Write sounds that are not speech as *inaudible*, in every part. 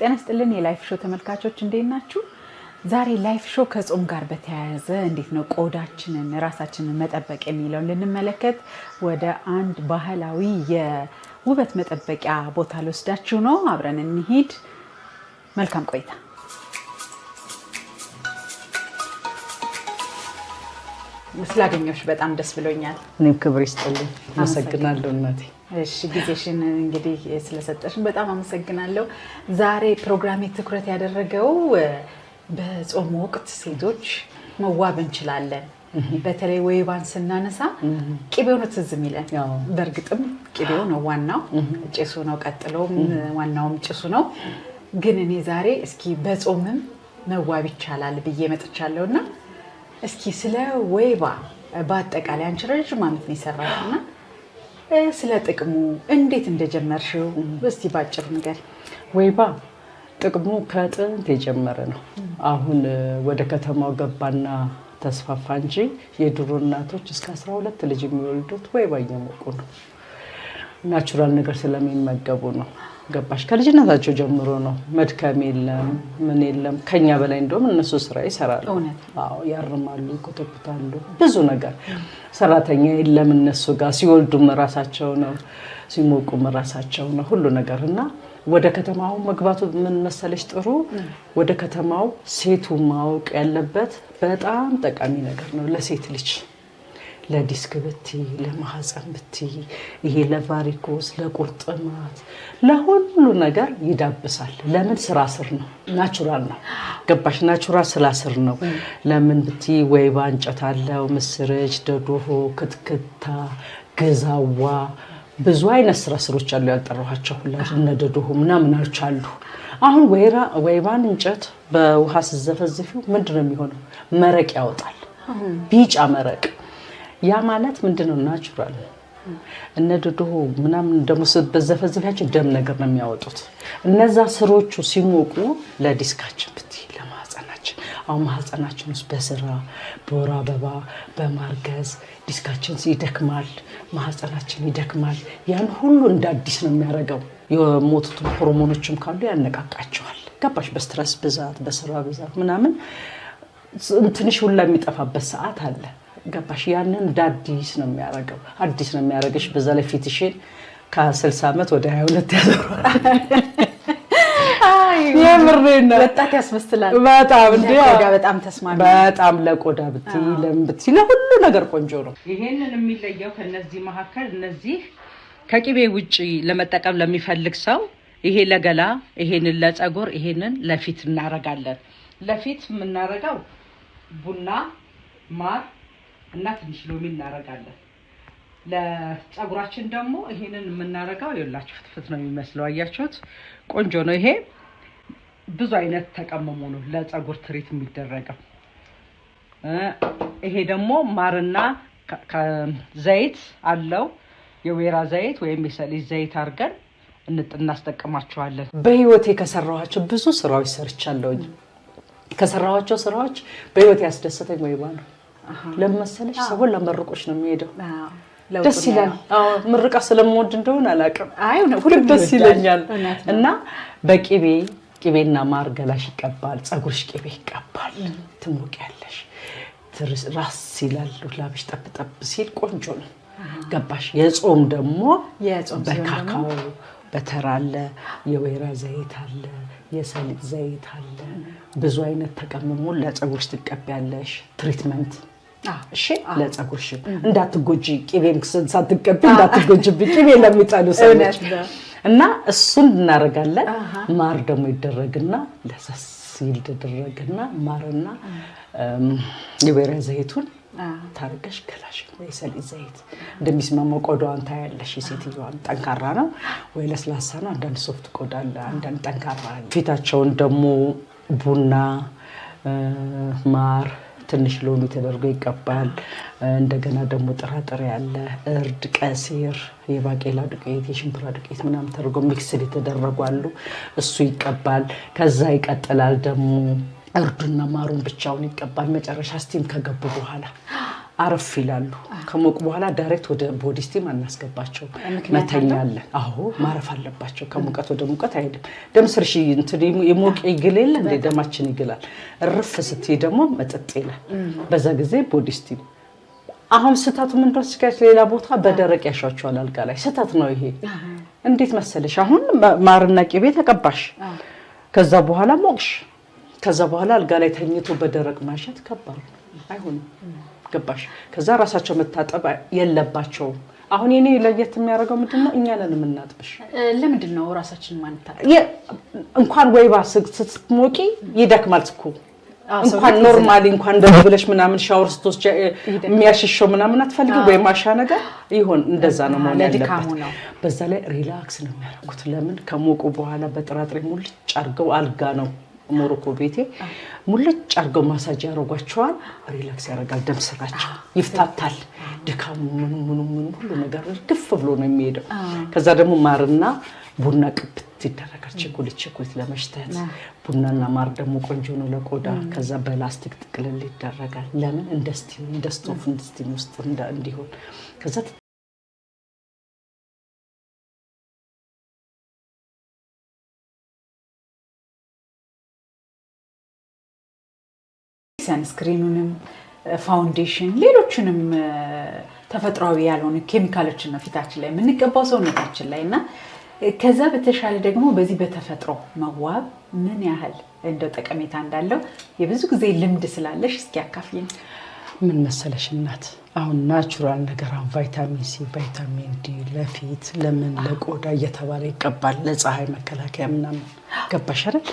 ጤና ስጥልን የላይፍ ሾው ተመልካቾች እንዴት ናችሁ? ዛሬ ላይፍ ሾው ከጾም ጋር በተያያዘ እንዴት ነው ቆዳችንን ራሳችንን መጠበቅ የሚለውን ልንመለከት ወደ አንድ ባህላዊ የውበት መጠበቂያ ቦታ ልወስዳችሁ ነው። አብረን እንሂድ። መልካም ቆይታ ስላገኘሁሽ በጣም ደስ ብሎኛል። እኔም ክብር ይስጥልኝ። አመሰግናለሁ እናቴ። እሺ ጊዜሽን እንግዲህ ስለሰጠሽን በጣም አመሰግናለሁ። ዛሬ ፕሮግራሜ ትኩረት ያደረገው በጾም ወቅት ሴቶች መዋብ እንችላለን። በተለይ ወይባን ስናነሳ ቅቤው ነው ትዝ የሚለን። በእርግጥም ቅቤው ነው ዋናው፣ ጭሱ ነው ቀጥሎም፣ ዋናውም ጭሱ ነው። ግን እኔ ዛሬ እስኪ በጾምም መዋብ ይቻላል ብዬ መጥቻለሁ እና እስኪ ስለ ወይባ በአጠቃላይ አንቺ ረዥም ዓመት ነው የሰራሽ እና ስለ ጥቅሙ እንዴት እንደጀመርሽው እስቲ ባጭር ነገር። ወይባ ጥቅሙ ከጥንት የጀመረ ነው። አሁን ወደ ከተማው ገባና ተስፋፋ እንጂ የድሮ እናቶች እስከ 12 ልጅ የሚወልዱት ወይባ እየሞቁ ነው። ናቹራል ነገር ስለሚመገቡ ነው። ገባሽ ከልጅነታቸው ጀምሮ ነው። መድከም የለም ምን የለም። ከኛ በላይ እንደውም እነሱ ስራ ይሰራሉ፣ ያርማሉ፣ ይኮተኩታሉ ብዙ ነገር። ሰራተኛ የለም እነሱ ጋር። ሲወልዱም ራሳቸው ነው፣ ሲሞቁም ራሳቸው ነው ሁሉ ነገር እና ወደ ከተማው መግባቱ ምን መሰለች ጥሩ ወደ ከተማው ሴቱ ማወቅ ያለበት በጣም ጠቃሚ ነገር ነው ለሴት ልጅ ለዲስክ ብቲ ለማህፀን ብቲ ይሄ ለቫሪኮስ ለቁርጥማት ለሁሉ ነገር ይዳብሳል። ለምን ስራ ስር ነው፣ ናቹራል ነው። ገባሽ? ናቹራል ስራ ስር ነው። ለምን ብቲ ወይባ እንጨት አለው፣ ምስርች፣ ደዶሆ፣ ክትክታ፣ ግዛዋ ብዙ አይነት ስራ ስሮች አሉ ያልጠራኋቸው ሁላ እነ ደዶሆ አሉ። አሁን ወይባን እንጨት በውሃ ስዘፈዝፊው ምንድን ነው የሚሆነው? መረቅ ያወጣል፣ ቢጫ መረቅ ያ ማለት ምንድነው? ናቹራል እነ ዶዶ ምናምን ደግሞ በዘፈዘፊያችን ደም ነገር ነው የሚያወጡት። እነዛ ስሮቹ ሲሞቁ ለዲስካችን ብት ለማህፀናችን አሁን ማህፀናችን ውስጥ በስራ በወር አበባ በማርገዝ ዲስካችን ይደክማል፣ ማህፀናችን ይደክማል። ያን ሁሉ እንደ አዲስ ነው የሚያደርገው። የሞቱትን ሆርሞኖችም ካሉ ያነቃቃቸዋል። ገባሽ? በስትረስ ብዛት በስራ ብዛት ምናምን ትንሽ ሁላ የሚጠፋበት ሰዓት አለ። ገባሽ? ያንን እንደ አዲስ ነው የሚያደርገው። አዲስ ነው የሚያደርግሽ። በዛ ላይ ፊትሽን ከ60 ዓመት ወደ 22 ያዞራል። የምሬን ነው። ወጣት ያስመስላል በጣም እንደ በጣም ተስማሚ በጣም ለቆዳ ብትይ ለምን ብትይ ለሁሉ ነገር ቆንጆ ነው። ይሄንን የሚለየው ከነዚህ መካከል እነዚህ ከቂቤ ውጭ ለመጠቀም ለሚፈልግ ሰው ይሄ ለገላ፣ ይሄንን ለፀጉር፣ ይሄንን ለፊት እናረጋለን። ለፊት የምናደርገው ቡና ማር እና ትንሽ ሎሚ እናደርጋለን። ለፀጉራችን ደግሞ ይሄንን የምናደርገው የላችሁ ፍትፍት ነው የሚመስለው። አያችሁት? ቆንጆ ነው። ይሄ ብዙ አይነት ተቀመሙ ነው ለፀጉር ትሪት የሚደረገው። ይሄ ደግሞ ማርና ዘይት አለው የወይራ ዘይት ወይም የሰሊጥ ዘይት አድርገን እናስጠቅማቸዋለን። በህይወቴ ከሰራኋቸው ብዙ ስራዎች ሰርቻለሁኝ። ከሰራኋቸው ስራዎች በህይወቴ ያስደሰተኝ ወይባ ነው። ለመሰለሽ ሰውን ለመርቆች ነው የሚሄደው። ደስ ይላል። ምርቃ ስለምወድ እንደሆነ አላውቅም፣ ሁሉም ደስ ይለኛል። እና በቅቤ ቅቤና ማር ገላሽ ይቀባል፣ ፀጉርሽ ቅቤ ይቀባል፣ ትሞቂያለሽ። ራስ ይላል ላብሽ ጠብጠብ ሲል ቆንጆ ነው። ገባሽ? የጾም ደግሞ በካካው በተር አለ፣ የወይራ ዘይት አለ፣ የሰሊጥ ዘይት አለ። ብዙ አይነት ተቀምሞ ለፀጉርሽ ትቀቢያለሽ ትሪትመንት እሺ ለፀጉርሽም እንዳትጎጂ ቂቤም ሳትቀቢ ለሚጠሉ ሰዎች እና እሱን እናደርጋለን። ማር ደግሞ ይደረግና ለሰስ ማርና የወይራ ዘይቱን ታርገሽ ገላሽ ዘይት እንደሚስማማው ቆዳዋን ታያለሽ። የሴትዮዋን ጠንካራ ነው ወይ ለስላሳ ነው። አንዳንድ ሶፍት ቆዳ አለ፣ አንዳንድ ጠንካራ። ፊታቸውን ደግሞ ቡና ማር ትንሽ ሎሚ ተደርጎ ይቀባል። እንደገና ደግሞ ጥራጥሬ ያለ እርድ፣ ቀሲር፣ የባቄላ ዱቄት፣ የሽምብራ ዱቄት ምናምን ተደርጎ ሚክስድ የተደረጉ አሉ። እሱ ይቀባል። ከዛ ይቀጥላል ደግሞ እርዱና ማሩን ብቻውን ይቀባል። መጨረሻ ስቲም ከገቡ በኋላ አረፍ ይላሉ። ከሞቁ በኋላ ዳይሬክት ወደ ቦዲ ስቲም አናስገባቸው፣ መተኛለን። አዎ ማረፍ አለባቸው። ከሙቀት ወደ ሙቀት አይሄድም። ደም ስር የሞቅ ይግል የለ እንደ ደማችን ይግላል። እርፍ ስትይ ደግሞ መጠጥ ይላል። በዛ ጊዜ ቦዲ ስቲም አሁን ስታቱ ምንድን ስኪያች ሌላ ቦታ በደረቅ ያሻቸዋል። አልጋ ላይ ስታት ነው ይሄ። እንዴት መሰለሽ አሁን ማርና ቄቤ ተቀባሽ፣ ከዛ በኋላ ሞቅሽ፣ ከዛ በኋላ አልጋ ላይ ተኝቶ በደረቅ ማሸት ከባድ አይሆንም። ገባሽ? ከዛ ራሳቸው መታጠብ የለባቸውም። አሁን የኔ ለየት የሚያደርገው ምንድን ነው? እኛ ነን የምናጥብሽ። ለምንድን ነው ራሳችን ማንታጠብ? እንኳን ወይባ ስትሞቂ ይደክማል እኮ እንኳን ኖርማሊ እንኳን እንደዚህ ብለሽ ምናምን ሻወር ስቶስ የሚያሽሸው ምናምን አትፈልጊም፣ ወይም ማሻ ነገር ይሆን እንደዛ ነው መሆን ያለበት። በዛ ላይ ሪላክስ ነው የሚያደርጉት። ለምን ከሞቁ በኋላ በጥራጥሬ ሙልጭ አድርገው አልጋ ነው ሞሮኮ ቤቴ ሙልጭ አድርገው ማሳጅ ያደርጓቸዋል። ሪላክስ ያደርጋል፣ ደም ስራቸው ይፍታታል። ድካሙ ምኑ ምኑ ምኑ ሁሉ ነገር ድፍ ብሎ ነው የሚሄደው። ከዛ ደግሞ ማርና ቡና ቅብት ይደረጋል። ችኩል ችኩል ለመሽተት ቡናና ማር ደግሞ ቆንጆ ነው ለቆዳ። ከዛ በላስቲክ ጥቅልል ይደረጋል። ለምን እንደ ስቲም እንደ ስቶፍ እንደ ስቲም ውስጥ እንዲሆን ከዛ ሰንስክሪኑንም ፋውንዴሽን ሌሎችንም ተፈጥሯዊ ያልሆኑ ኬሚካሎችን ነው ፊታችን ላይ የምንቀባው ሰውነታችን ላይ እና ከዛ በተሻለ ደግሞ በዚህ በተፈጥሮ መዋብ ምን ያህል እንደው ጠቀሜታ እንዳለው የብዙ ጊዜ ልምድ ስላለሽ እስኪ ያካፍይን። ምን መሰለሽ እናት፣ አሁን ናቹራል ነገር አሁን ቫይታሚን ሲ፣ ቫይታሚን ዲ ለፊት ለምን ለቆዳ እየተባለ ይቀባል ለፀሐይ መከላከያ ምናምን ገባሽ አይደል?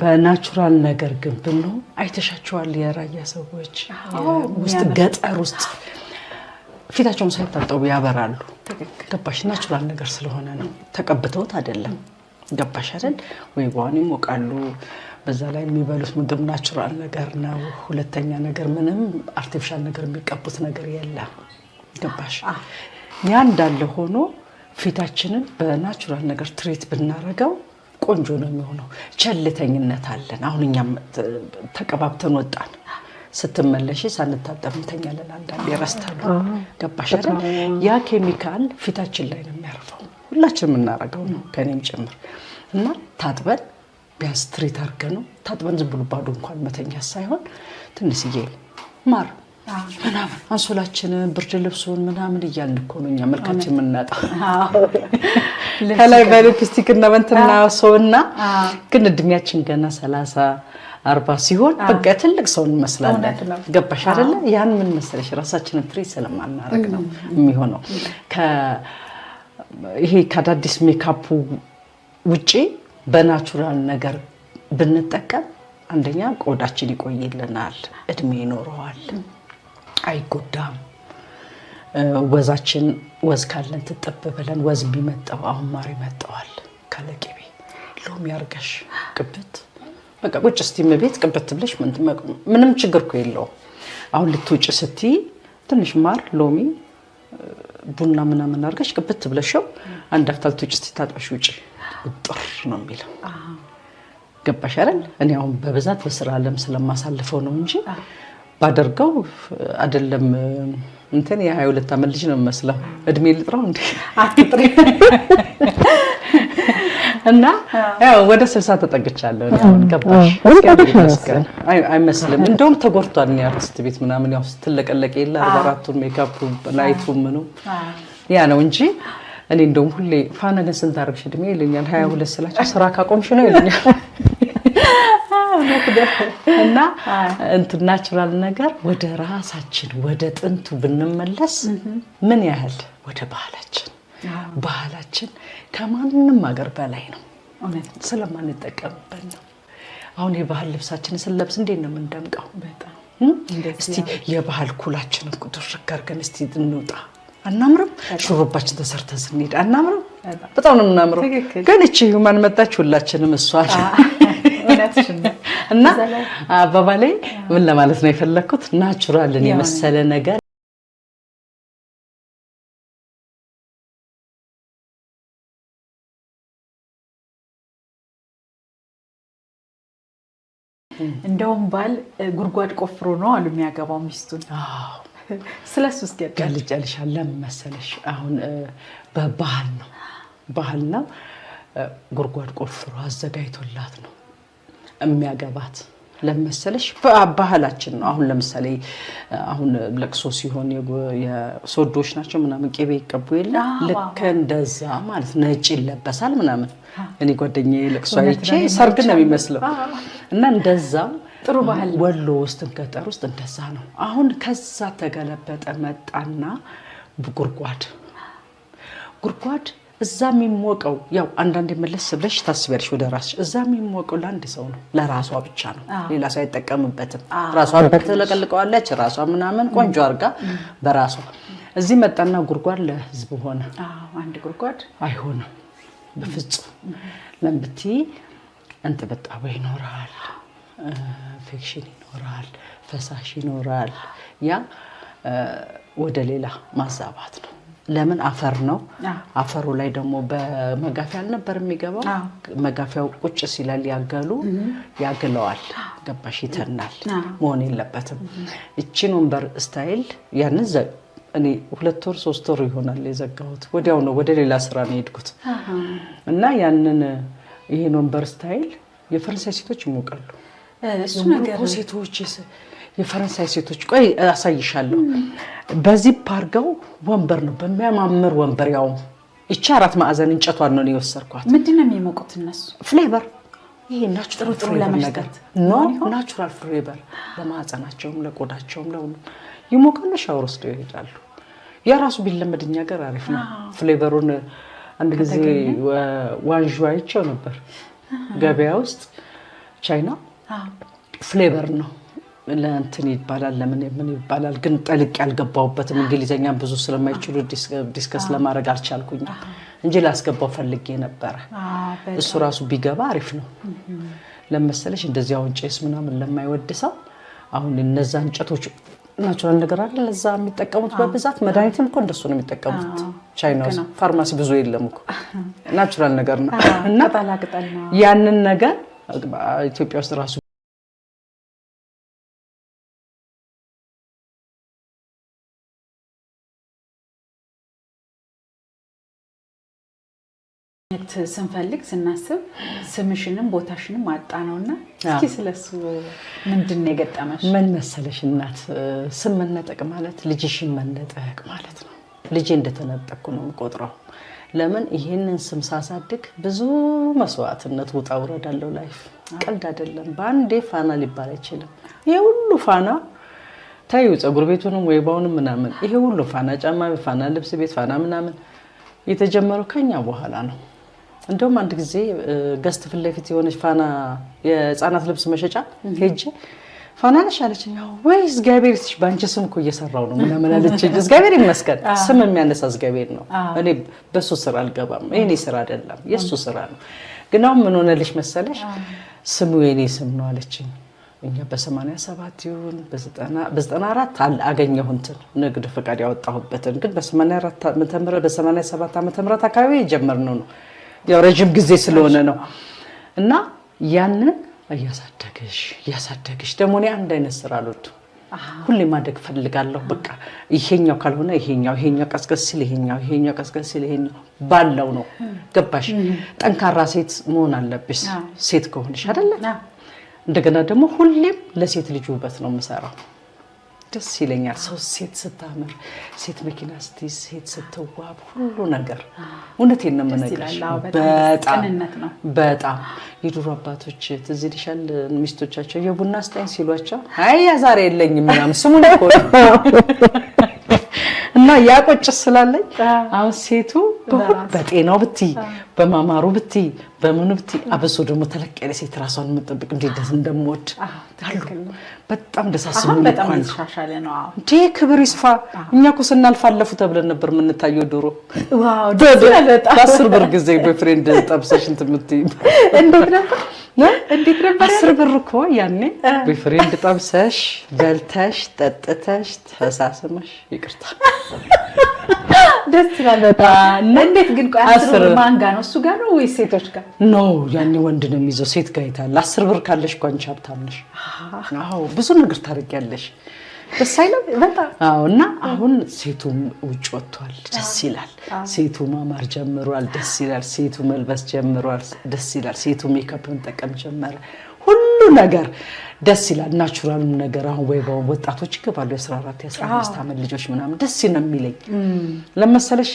በናቹራል ነገር ግን ብሎ አይተሻቸዋል። የራያ ሰዎች ውስጥ ገጠር ውስጥ ፊታቸውን ሳይታጠቡ ያበራሉ። ገባሽ? ናቹራል ነገር ስለሆነ ነው፣ ተቀብተውት አይደለም። ገባሽ አይደል? ወይ ጓን ይሞቃሉ። በዛ ላይ የሚበሉት ምግብ ናቹራል ነገር ነው። ሁለተኛ ነገር ምንም አርቲፊሻል ነገር የሚቀቡት ነገር የለም። ገባሽ? ያ እንዳለ ሆኖ ፊታችንን በናቹራል ነገር ትሬት ብናረገው ቆንጆ ነው የሚሆነው። ቸልተኝነት አለን። አሁን እኛም ተቀባብተን ወጣን። ስትመለሽ ሳንታጠብ እንተኛለን። አንዳንዴ ረስተን ገባሽ አይደል? ያ ኬሚካል ፊታችን ላይ ነው የሚያርፈው። ሁላችን የምናረገው ነው ከእኔም ጭምር እና ታጥበን ቢያንስ ትሪት አድርገ ነው ታጥበን ዝም ብሎ ባዶ እንኳን መተኛ ሳይሆን ትንሽዬ ማር ምናምን አንሶላችንን ብርድ ልብሱን ምናምን እያልን እኮ ነው እኛ መልካችን የምናጣው ከላይ በሊፕስቲክ እና በንትና ሰው እና ግን እድሜያችን ገና ሰላሳ አርባ ሲሆን በቃ ትልቅ ሰው እንመስላለን። ገባሽ አደለ? ያን ምን መሰለሽ ራሳችንን ትሪ ስለማናረግ ነው የሚሆነው። ይሄ ከአዳዲስ ሜካፑ ውጪ በናቹራል ነገር ብንጠቀም አንደኛ ቆዳችን ይቆይልናል፣ እድሜ ይኖረዋል። አይጎዳም። ወዛችን ወዝ ካለን ትጠብ ብለን ወዝ የሚመጣው አሁን ማር ይመጣዋል ካለ ሎሚ አርገሽ ቅብት በቃ ቁጭ ስቲ ቤት ቅብት ብለሽ ምንም ችግር እኮ የለውም። አሁን ልትውጭ ስቲ ትንሽ ማር ሎሚ ቡና ምናምን አርገሽ ቅብት ብለሽው አንድ አፍታ ልትውጭ ስቲ ታጥበሽ ውጭ ውጥር ነው የሚለው ገባሽ አይደል? እኔ አሁን በብዛት በስራ አለም ስለማሳልፈው ነው እንጂ ባደርገው አይደለም እንትን የ22 ዓመት ልጅ ነው የምመስለው። እድሜ ልጥራው እንዲ አትጥሪ እና ያው ወደ ስልሳ ተጠግቻለሁ። ገባሽ አይመስልም። እንደውም ተጎድቷል። አርቲስት ቤት ምናምን ያው ስትለቀለቅ የለ አርባ አራቱን ሜካፑ ላይቱ ምኑ ያ ነው እንጂ እኔ እንደውም ሁሌ ፋና ግን ስንት አደረግሽ እድሜ ይለኛል። ሀያ ሁለት ስላቸው ስራ ካቆምሽ ነው ይለኛል *laughs* እና እንትን ናቹራል ነገር ወደ ራሳችን ወደ ጥንቱ ብንመለስ ምን ያህል ወደ ባህላችን ባህላችን ከማንም ሀገር በላይ ነው። ስለማንጠቀምበት ነው። አሁን የባህል ልብሳችንን ስንለብስ እንዴት ነው የምንደምቀው? እስቲ የባህል ኩላችንን ቁጥር አድርገን እስቲ እንውጣ። አናምርም? ሹሩባችን ተሰርተን ስንሄድ አናምርም? በጣም ነው የምናምረው። ግን እቺ ማን መጣች? ሁላችንም እሷ እና አበባ ላይ ምን ለማለት ነው የፈለግኩት ናቹራልን የመሰለ ነገር እንደውም ባል ጉድጓድ ቆፍሮ ነው አሉ የሚያገባው ሚስቱን። ስለሱ ስ ገልጫልሽ ለመሰለሽ አሁን በባህል ነው ባህል ነው ጉድጓድ ቆፍሮ አዘጋጅቶላት ነው የሚያገባት ለመሰለሽ ባህላችን ነው። አሁን ለምሳሌ አሁን ለቅሶ ሲሆን የሶዶች ናቸው ምናምን ቄቤ ይቀቡ የለ ልክ እንደዛ ማለት ነጭ ይለበሳል ምናምን። እኔ ጓደኛዬ ለቅሶ አይቼ ሰርግ ነው የሚመስለው እና እንደዛ ጥሩ ባህል ወሎ ውስጥ ገጠር ውስጥ እንደዛ ነው። አሁን ከዛ ተገለበጠ መጣና ጉርጓድ ጉርጓድ እዛ የሚሞቀው ያው አንዳንድ መለስ ብለሽ ታስቢያለሽ ወደ ራስሽ። እዛ የሚሞቀው ለአንድ ሰው ነው፣ ለራሷ ብቻ ነው። ሌላ ሰው አይጠቀምበትም። ራሷን ትለቀልቀዋለች፣ ራሷ ምናምን ቆንጆ አድርጋ በራሷ እዚህ መጣና ጉድጓድ ለህዝብ ሆነ። አንድ ጉድጓድ አይሆንም በፍጹም። ለምብቲ እንጥብጣብ ይኖራል፣ ኢንፌክሽን ይኖራል፣ ፈሳሽ ይኖራል። ያ ወደ ሌላ ማዛባት ነው። ለምን አፈር ነው። አፈሩ ላይ ደግሞ በመጋፊያ አልነበር የሚገባው። መጋፊያው ቁጭ ሲላል ያገሉ ያግለዋል። ገባሽ? ይተናል። መሆን የለበትም። እቺን ወንበር ስታይል ያንን እኔ ሁለት ወር ሶስት ወር ይሆናል የዘጋሁት። ወዲያው ነው ወደ ሌላ ስራ ነው የሄድኩት እና ያንን ይህን ወንበር ስታይል የፈረንሳይ ሴቶች ይሞቃሉ። እሱ ነገር ሴቶች የፈረንሳይ ሴቶች ቆይ አሳይሻለሁ። በዚህ ፓርጋው ወንበር ነው በሚያማምር ወንበር ያው ይቺ አራት ማዕዘን እንጨቷን ነው የወሰድኳት። ምንድን ነው የሚሞቁት እነሱ ፍሌቨር ይሄ ናቹራል ፍሬበር ነገር ኖ ናቹራል ፍሬበር ለማህፀናቸውም ለቆዳቸውም ለሁሉ ይሞቃሉ። ሻወር ወስደው ይሄዳሉ። የራሱ ቢለመድ እኛ ሀገር አሪፍ ነው። ፍሌቨሩን አንድ ጊዜ ዋንዥ አይቼው ነበር ገበያ ውስጥ ቻይና ፍሌቨር ነው ለእንትን ይባላል ለምን ምን ይባላል ግን ጠልቅ ያልገባሁበትም እንግሊዝኛ ብዙ ስለማይችሉ ዲስከስ ለማድረግ አልቻልኩኝ እንጂ ላስገባው ፈልጌ ነበረ። እሱ ራሱ ቢገባ አሪፍ ነው። ለመሰለሽ እንደዚህ አሁን ጭስ ምናምን ለማይወድ ሰው አሁን እነዛ እንጨቶች ናቹራል ነገር አለ ለዛ የሚጠቀሙት በብዛት መድኃኒትም እኮ እንደሱ ነው የሚጠቀሙት። ቻይና ውስጥ ፋርማሲ ብዙ የለም እኮ ናቹራል ነገር ነው እና ያንን ነገር ኢትዮጵያ ውስጥ ራሱ ለማግኘት ስንፈልግ ስናስብ ስምሽንም ቦታሽንም አጣ ነው እና እስኪ ስለሱ ምንድን ነው የገጠመሽ? ምን መሰለሽ እናት ስም መነጠቅ ማለት ልጅሽን መነጠቅ ማለት ነው። ልጄ እንደተነጠቅኩ ነው የምቆጥረው። ለምን ይሄንን ስም ሳሳድግ ብዙ መስዋዕትነት ውጣ ውረዳለው። አለው። ላይፍ ቀልድ አይደለም። በአንዴ ፋና ሊባል አይችልም። ይሄ ሁሉ ፋና ታዩ፣ ፀጉር ቤቱንም ወይባውንም ምናምን፣ ይሄ ሁሉ ፋና ጫማ፣ ፋና ልብስ ቤት፣ ፋና ምናምን የተጀመረው ከኛ በኋላ ነው። እንደውም አንድ ጊዜ ገስት ፊት ለፊት የሆነች ፋና የህፃናት ልብስ መሸጫ ሄጄ ፋና ነሽ አለችኝ። ወይ እግዚአብሔር ይስጥሽ በአንቺ ስም እኮ እየሰራው ነው ምናምን አለችኝ። እግዚአብሔር ይመስገን ስም የሚያነሳ እግዚአብሔር ነው። እኔ በሱ ስራ አልገባም። የኔ ስራ አይደለም የእሱ ስራ ነው። ግን አሁን ምን ሆነልሽ መሰለሽ ስሙ የኔ ስም ነው አለችኝ። እኛ በሰማንያ ሰባት ይሁን በዘጠና አራት አገኘሁ እንትን ንግድ ፈቃድ ያወጣሁበትን ግን በሰማንያ ሰባት ዓመተ ምህረት አካባቢ የጀመርነው ነው ያው ረዥም ጊዜ ስለሆነ ነው እና ያንን እያሳደግሽ እያሳደግሽ ደግሞ እኔ አንድ አይነት ስራ አልወድም። ሁሌ ማደግ ፈልጋለሁ። በቃ ይሄኛው ካልሆነ ይሄኛው ይሄኛው ቀዝቀዝ ሲል ይሄኛው ይሄኛው ቀዝቀዝ ሲል ይሄኛው ባለው ነው። ገባሽ? ጠንካራ ሴት መሆን አለብሽ ሴት ከሆንሽ አይደለ? እንደገና ደግሞ ሁሌም ለሴት ልጅ ውበት ነው የምሰራው ደስ ይለኛል። ሰው ሴት ስታምር፣ ሴት መኪና ስትይዝ፣ ሴት ስትዋብ፣ ሁሉ ነገር እውነቴን ነው የምነግርሽ። በጣም በጣም የድሮ አባቶች ትዝ ይልሻል፣ ሚስቶቻቸው የቡና ስጠኝ ሲሏቸው አይ ዛሬ የለኝም ምናምን ስሙ እና ያ ስላለኝ አሁን ሴቱ በጤናው ብትይ በማማሩ ብቲ በምኑ ብቲ አብሶ ደግሞ ተለቅ ያለ ሴት ራሷን የምጠብቅ እንዴት እንደምወድ በጣም ደሳስሙ እንዴ ክብር ይስፋ። እኛ እኮ ስናልፋለፉ ተብለን ነበር የምንታየው ድሮ። በአስር ብር ጊዜ በፍሬንድ ጠብሰሽን እንትን የምትይኝ እንዴት ነበር? አስር ብር እኮ ያኔ በፍሬንድ ጠብሰሽ በልተሽ ጠጥተሽ ተሳስመሽ ይቅርታ ደስ ይላል በጣም። እንዴት ግን ቆይ አስር ማንጋ ነው ከሱ ጋር ነው ወይስ ሴቶች ጋር ነው? ያኔ ወንድ ነው የሚይዘው፣ ሴት ጋር ይታል። አስር ብር ካለሽ እኮ አንቺ ሀብታም ነሽ። አዎ ብዙ ነገር ታደርጊያለሽ። ደስ አይለም በጣም አዎ። እና አሁን ሴቱም ውጭ ወጥቷል፣ ደስ ይላል። ሴቱ ማማር ጀምሯል፣ ደስ ይላል። ሴቱ መልበስ ጀምሯል፣ ደስ ይላል። ሴቱ ሜካፕ መጠቀም ጀመረ። ሁሉ ነገር ደስ ይላል። ናቹራሉም ነገር አሁን ወይ በአሁን ወጣቶች ይገባሉ፣ የ14 የ15 ዓመት ልጆች ምናምን ደስ ነው የሚለኝ ለመሰለሽ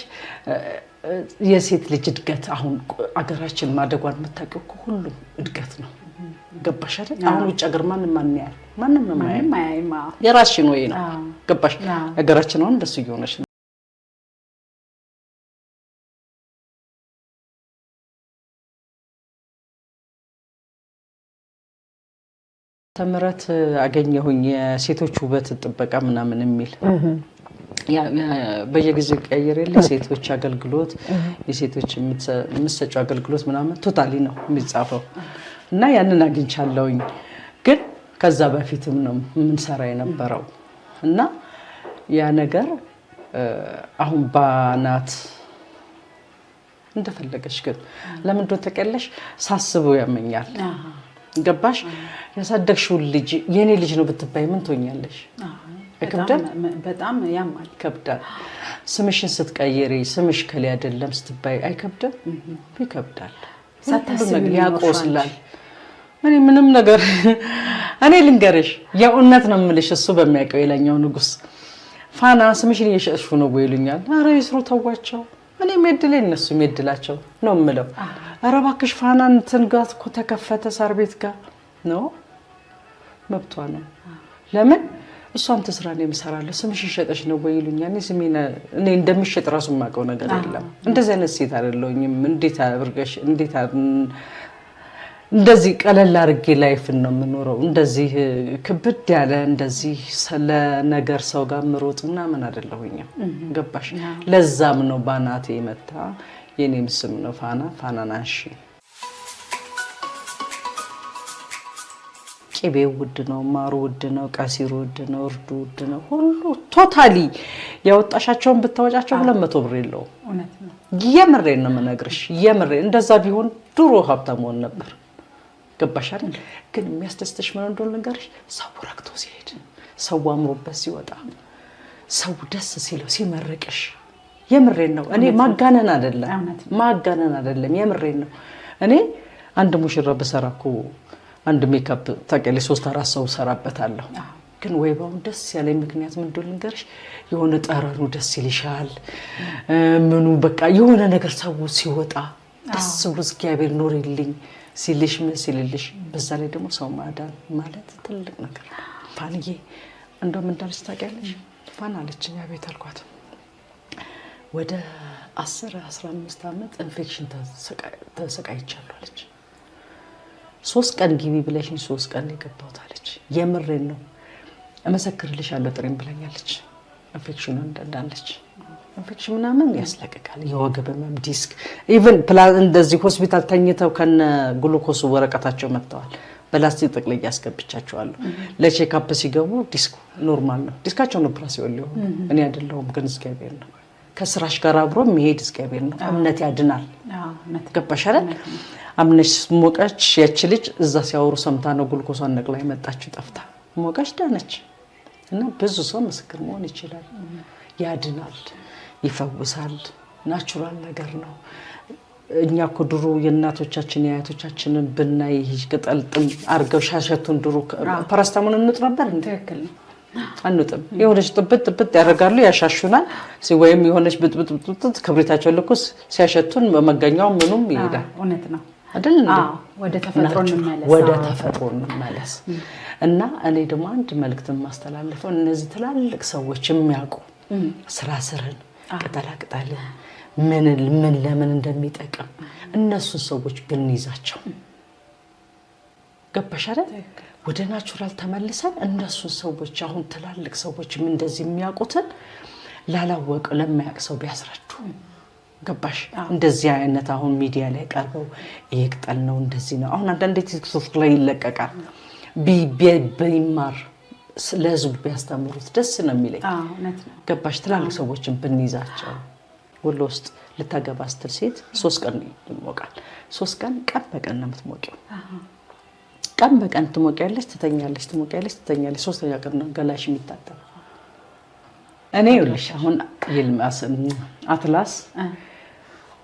የሴት ልጅ እድገት አሁን አገራችን ማደጓን የምታውቂው እኮ ሁሉም እድገት ነው። ገባሽ አይደል? አሁን ውጭ ሀገር ማንም ማንያል ማንም ማያይማ የራስሽን ወይ ነው። ገባሽ? ሀገራችን አሁን እንደሱ እየሆነች ነው። ተምረት አገኘሁኝ የሴቶች ውበት ጥበቃ ምናምን የሚል በየጊዜው ቀይሬልህ የሴቶች አገልግሎት የሴቶች የምትሰጪው አገልግሎት ምናምን ቶታሊ ነው የሚጻፈው እና ያንን አግኝቻለውኝ። ግን ከዛ በፊትም ነው የምንሰራ የነበረው እና ያ ነገር አሁን ባናት እንደፈለገች ግን ለምን ተቀለሽ ሳስበው ያመኛል። ገባሽ? ያሳደግሽውን ልጅ የእኔ ልጅ ነው ብትባይ ምን ትሆኛለሽ? አይከብዳል? በጣም ያማል። ይከብዳል። ስምሽን ስትቀይሪ ስምሽ ከሌ አይደለም ስትባይ አይከብድም? ይከብዳል። ያቆስላል። እኔ ምንም ነገር *laughs* እኔ ልንገርሽ፣ የእውነት ነው የምልሽ። እሱ በሚያውቀው የለኛው ንጉስ ፋና ስምሽን እየሸጥሹ ነው ይሉኛል። ኧረ ይስሩ ተዋቸው። እኔ ሜድሌ እነሱ ሜድላቸው ነው የምለው። ኧረ እባክሽ ፋና እንትን ጋር እኮ ተከፈተ ሳር ቤት ጋር ነው መብቷ ነው። ለምን እሷም ትስራ ነው የምሰራለሁ ስምሽ ሸጠሽ ነው ወይ ይሉኛል። እኔ ራሱ የማውቀው ነገር የለም። እንደዚህ አይነት ሴት አይደለሁኝም። እንዴት አድርገሽ እንዴት እንደዚህ ቀለል አድርጌ ላይፍን ነው የምኖረው። እንደዚህ ክብድ ያለ እንደዚህ ለነገር ሰው ጋር ምሮጥ ምናምን አይደለሁኝም። ገባሽ? ለዛም ነው ባናቴ መታ የኔም ስም ነው ፋና ፋናናንሺ ቅቤው ውድ ነው፣ ማሩ ውድ ነው፣ ቀሲሩ ውድ ነው፣ እርዱ ውድ ነው። ሁሉ ቶታሊ ያወጣሻቸውን ብታወጫቸው ሁለት መቶ ብር የለው። የምሬን ነው የምነግርሽ፣ የምሬን እንደዛ ቢሆን ድሮ ሀብታም ሆን ነበር። ገባሽ ግን የሚያስደስተሽ ምን እንደሆነ ልንገርሽ፣ ሰው ረክቶ ሲሄድ፣ ሰው አምሮበት ሲወጣ፣ ሰው ደስ ሲለው ሲመርቅሽ፣ የምሬን ነው። እኔ ማጋነን አይደለም፣ ማጋነን አይደለም፣ የምሬን ነው። እኔ አንድ ሙሽራ በሰራኩ። እኮ አንድ ሜካፕ ታውቂያለሽ፣ ሶስት አራት ሰው ሰራበታለሁ። ግን ወይባውን ደስ ያለኝ ምክንያት ምን እንደሆነ ልንገርሽ፣ የሆነ ጠረኑ ደስ ይልሻል። ምኑ በቃ የሆነ ነገር ሰው ሲወጣ ደስ ብሎ እግዚአብሔር ኖርልኝ ሲልሽ ምን ሲልልሽ፣ በዛ ላይ ደግሞ ሰው ማዳን ማለት ትልቅ ነገር። ፋንዬ እንደውም እንዳለች ታውቂያለሽ፣ ፋን አለችኝ። አቤት አልኳት። ወደ አስር አስራ አምስት ዓመት ኢንፌክሽን ተሰቃይቻለሁ አለች ሶስት ቀን ግቢ ብለሽኝ ሶስት ቀን የገባሁት አለች። የምሬን ነው እመሰክርልሻለሁ ጥሬን ብለኛለች። ኢንፌክሽኑ እንዳለች ኢንፌክሽን ምናምን ያስለቅቃል። የወገብ ህመም፣ ዲስክ ኢቨን ፕላን እንደዚህ ሆስፒታል ተኝተው ከነ ግሉኮሱ ወረቀታቸው መጥተዋል። በላስቲክ ጥቅልዬ ያስገብቻቸዋለሁ። ለቼክአፕ ሲገቡ ዲስኩ ኖርማል ነው። ዲስካቸው ነው ፕላስ ሆ ሊሆኑ እኔ አይደለሁም ግን እግዚአብሔር ነው ከስራሽ ጋር አብሮ የሚሄድ እግዚአብሔር ነው። እምነት ያድናል። ገባሽ አይደል? አምነሽ ሞቀች። ያቺ ልጅ እዛ ሲያወሩ ሰምታ ነው ጉልኮሷን ነቅላ የመጣችው። ጠፍታ ሞቀች፣ ዳነች። እና ብዙ ሰው ምስክር መሆን ይችላል። ያድናል፣ ይፈውሳል። ናቹራል ነገር ነው። እኛ እኮ ድሮ የእናቶቻችን የአያቶቻችንን ብናይ ቅጠልጥም አርገው ሻሸቱን ድሮ ፓራስታሙን እንጥ ነበር። ትክክል ነው። አንውጥም። የሆነች ጥብጥ ጥብጥ ያደርጋሉ፣ ያሻሹናል። ወይም የሆነች ብጥብጥብጥ ክብሪታቸው ልኩስ ሲያሸቱን መገኛው ምኑም ይሄዳል። እውነት ነው አይደል? ወደ ተፈጥሮ እንመለስ እና እኔ ደግሞ አንድ መልዕክት የማስተላለፈው እነዚህ ትላልቅ ሰዎች የሚያውቁ ስራ ስርን፣ ቅጠላቅጠል ምን ምን ለምን እንደሚጠቅም እነሱን ሰዎች ብንይዛቸው ገባሽ አይደል ወደ ናቹራል ተመልሰን እነሱን ሰዎች አሁን ትላልቅ ሰዎችም እንደዚህ የሚያውቁትን ላላወቅ ለማያውቅ ሰው ቢያስረዱ ገባሽ? እንደዚህ አይነት አሁን ሚዲያ ላይ ቀርበው ይቅጠል ነው እንደዚህ ነው። አሁን አንዳንድ ቲክቶክ ላይ ይለቀቃል። ቢማር ለህዝቡ ቢያስተምሩት ደስ ነው የሚለኝ። ገባሽ? ትላልቅ ሰዎችን ብንይዛቸው ወሎ ውስጥ ልታገባ ስትል ሴት ሶስት ቀን ይሞቃል። ሶስት ቀን ቀን በቀን ነው የምትሞቂው ቀን በቀን ትሞቂያለሽ፣ ትተኛለሽ፣ ትሞቂያለሽ፣ ትተኛለሽ። ሶስተኛ ቀን ነው ገላሽ የሚታጠብ እኔ ይኸውልሽ፣ አሁን አትላስ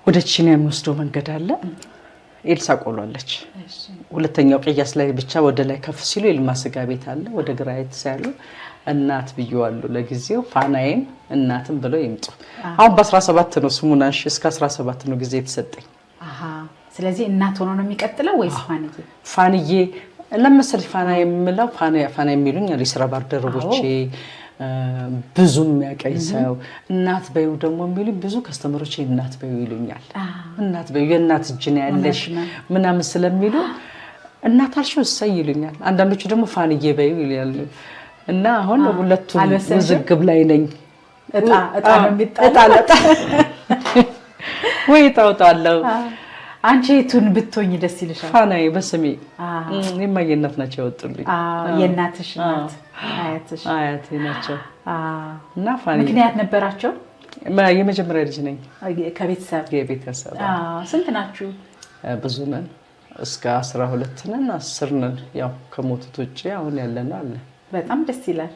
ወደ ቺኒያ የሚወስደው መንገድ አለ። ኤልሳ ቆሏለች። ሁለተኛው ቅያስ ላይ ብቻ ወደ ላይ ከፍ ሲሉ የልማ ስጋ ቤት አለ። ወደ ግራ ያሉ እናት ብየዋሉ። ለጊዜው ፋናዬን እናትም ብለው ይምጡ። አሁን በ17 ነው ስሙን አንሺ። እስከ 17 ነው ጊዜ የተሰጠኝ። ስለዚህ እናት ሆኖ ነው የሚቀጥለው ወይስ ፋንዬ? ፋንዬ ለመሰለሽ ፋና የምለው ፋና የሚሉኝ የስራ ባልደረቦቼ ብዙ የሚያቀኝ ሰው እናት በዩ ደግሞ የሚሉኝ ብዙ ከስተመሮች እናት በዩ ይሉኛል። እናት በዩ የእናት እጅ ነው ያለሽ ምናምን ስለሚሉ እናት አልሽው እሰይ ይሉኛል። አንዳንዶቹ ደግሞ ፋንዬ በዩ ይላሉ። እና አሁን ሁለቱም ውዝግብ ላይ ነኝ። እጣ እጣ ነው የሚጣለው *laughs* ወይ እጣ እወጣለሁ አንቺ የቱን ብትሆኝ ደስ ይልሻል? ፋናዬ በስሜ የማየነት ናቸው ያወጡልኝ። የእናትሽ እናት አያትሽ አያቴ ናቸው። እና ምክንያት ነበራቸው? የመጀመሪያ ልጅ ነኝ ከቤተሰብ የቤተሰብ ስንት ናችሁ? ብዙ ነን፣ እስከ አስራ ሁለት ነን፣ አስር ነን። ያው ከሞቱት ውጭ አሁን ያለን አለ። በጣም ደስ ይላል።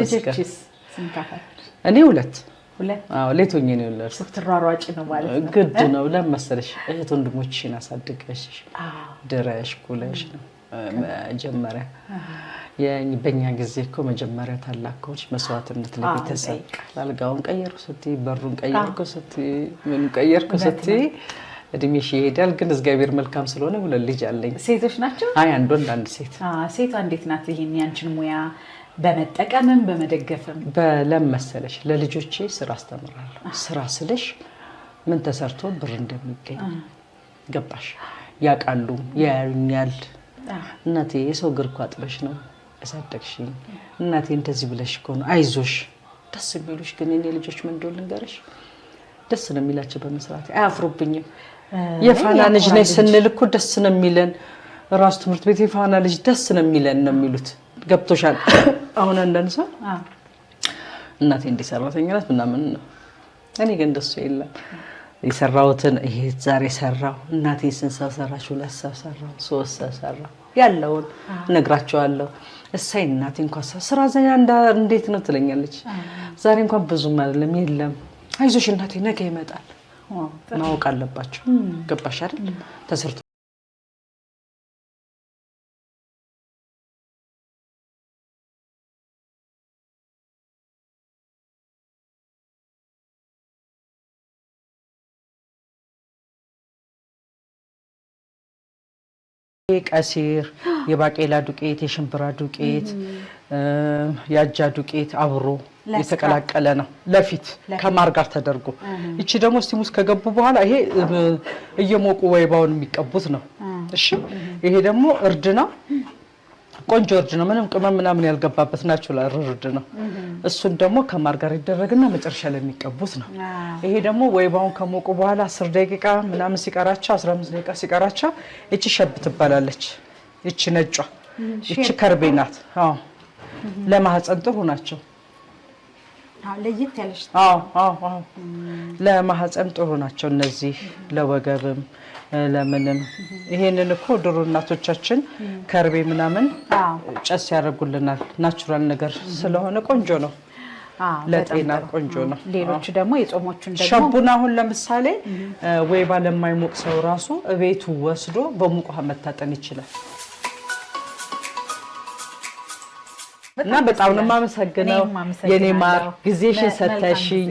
ልጆችስ ስንት? እኔ ሁለት ሌቶኝ ነው የወለድኩት። ስትሯሯጪ ነው ማለት ነው። ግድ ነው። ለምን እህት ወንድሞችሽን አሳድገሽ ድረሽ ኩለሽ ነው መጀመሪያ በእኛ ጊዜ እኮ መጀመሪያ ታላቅ ከሆንሽ መስዋዕትነት ለቤተሰብ አልጋውን ቀየርኩ ስትይ፣ በሩን ቀየርኩ ስትይ፣ ምኑ ቀየርኩ ስትይ እድሜሽ ይሄዳል። ግን እግዚአብሔር መልካም ስለሆነ ሁለት ልጅ አለኝ። ሴቶች ናቸው? አይ አንድ ወንድ አንድ ሴት። ሴቷ እንዴት ናት? ይሄን ያንችን ሙያ በመጠቀምም በመደገፍም በለም መሰለሽ ለልጆቼ ስራ አስተምራለሁ። ስራ ስልሽ ምን ተሰርቶ ብር እንደሚገኝ ገባሽ? ያውቃሉ፣ ያዩኛል። እናቴ የሰው እግር እኮ አጥበሽ ነው ያሳደግሽኝ። እናቴ እንደዚህ ብለሽ እኮ አይዞሽ። ደስ የሚሉሽ ግን የኔ ልጆች ምን እንደሆነ ልንገርሽ፣ ደስ ነው የሚላቸው በመስራት አያፍሩብኝም። የፋና ልጅ ነኝ ስንል እኮ ደስ ነው የሚለን። ራሱ ትምህርት ቤት የፋና ልጅ ደስ ነው የሚለን ነው የሚሉት ገብቶሻል። *coughs* አሁን አንዳንድ ሰው እናቴ እንዲህ ሰራተኛ ናት ምናምን ነው። እኔ ግን እንደሱ የለም። የሰራሁትን ይሄ ዛሬ ሰራው፣ እናቴ ስንት ሰው ሰራች? ሁለት ሰው ሰራው፣ ሶስት ሰው ሰራው። ያለውን እነግራቸዋለሁ። እሳይ እናቴ እንኳን ስራ ዘኛ እንዴት ነው ትለኛለች። ዛሬ እንኳን ብዙም አይደለም የለም፣ አይዞሽ እናቴ ነገ ይመጣል። ማወቅ አለባቸው። ገባሽ አይደል? ተሰርቶ ቀሲር፣ የባቄላ ዱቄት፣ የሽምብራ ዱቄት፣ የአጃ ዱቄት አብሮ የተቀላቀለ ነው። ለፊት ከማር ጋር ተደርጎ እቺ ደግሞ እስቲም ውስጥ ከገቡ በኋላ ይሄ እየሞቁ ወይባውን የሚቀቡት ነው። እሺ ይሄ ደግሞ እርድ ነው። ቆንጆ እርድ ነው። ምንም ቅመም ምናምን ያልገባበት ናቸው እርድ ነው። እሱን ደግሞ ከማር ጋር ይደረግና መጨረሻ ላይ የሚቀቡት ነው። ይሄ ደግሞ ወይባውን ከሞቁ በኋላ አስር ደቂቃ ምናምን ሲቀራቸው አስራ አምስት ደቂቃ ሲቀራቸው እቺ ሸብ ትባላለች። እቺ ነጯ፣ እቺ ከርቤ ናት። አዎ ለማህፀን ጥሩ ናቸው። ያለች ለማህፀን ጥሩ ናቸው። እነዚህ ለወገብም ለምንም ይሄንን እኮ ድሮ እናቶቻችን ከርቤ ምናምን ጨስ ያደርጉልናል። ናቹራል ነገር ስለሆነ ቆንጆ ነው፣ ለጤና ቆንጆ ነው። ሌሎች ደግሞ የጾሞቹን ደግሞ ሸቡን አሁን ለምሳሌ ወይ ባለማይሞቅ ሰው ራሱ እቤቱ ወስዶ በሙቅ ውሃ መታጠን ይችላል። እና በጣም ነው የማመሰግነው የኔ ማር ጊዜሽን ሰተሽኝ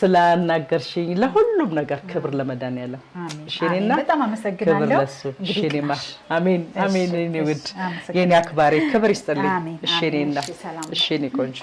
ስላናገርሽኝ ለሁሉም ነገር ክብር ለመድኃኒዓለም ሽኔና ክብር ለሱ ሽኔማ አሜን አሜን። ውድ የኔ አክባሪ ክብር ይስጥልኝ። ሽኔና ሽኔ ቆንጆ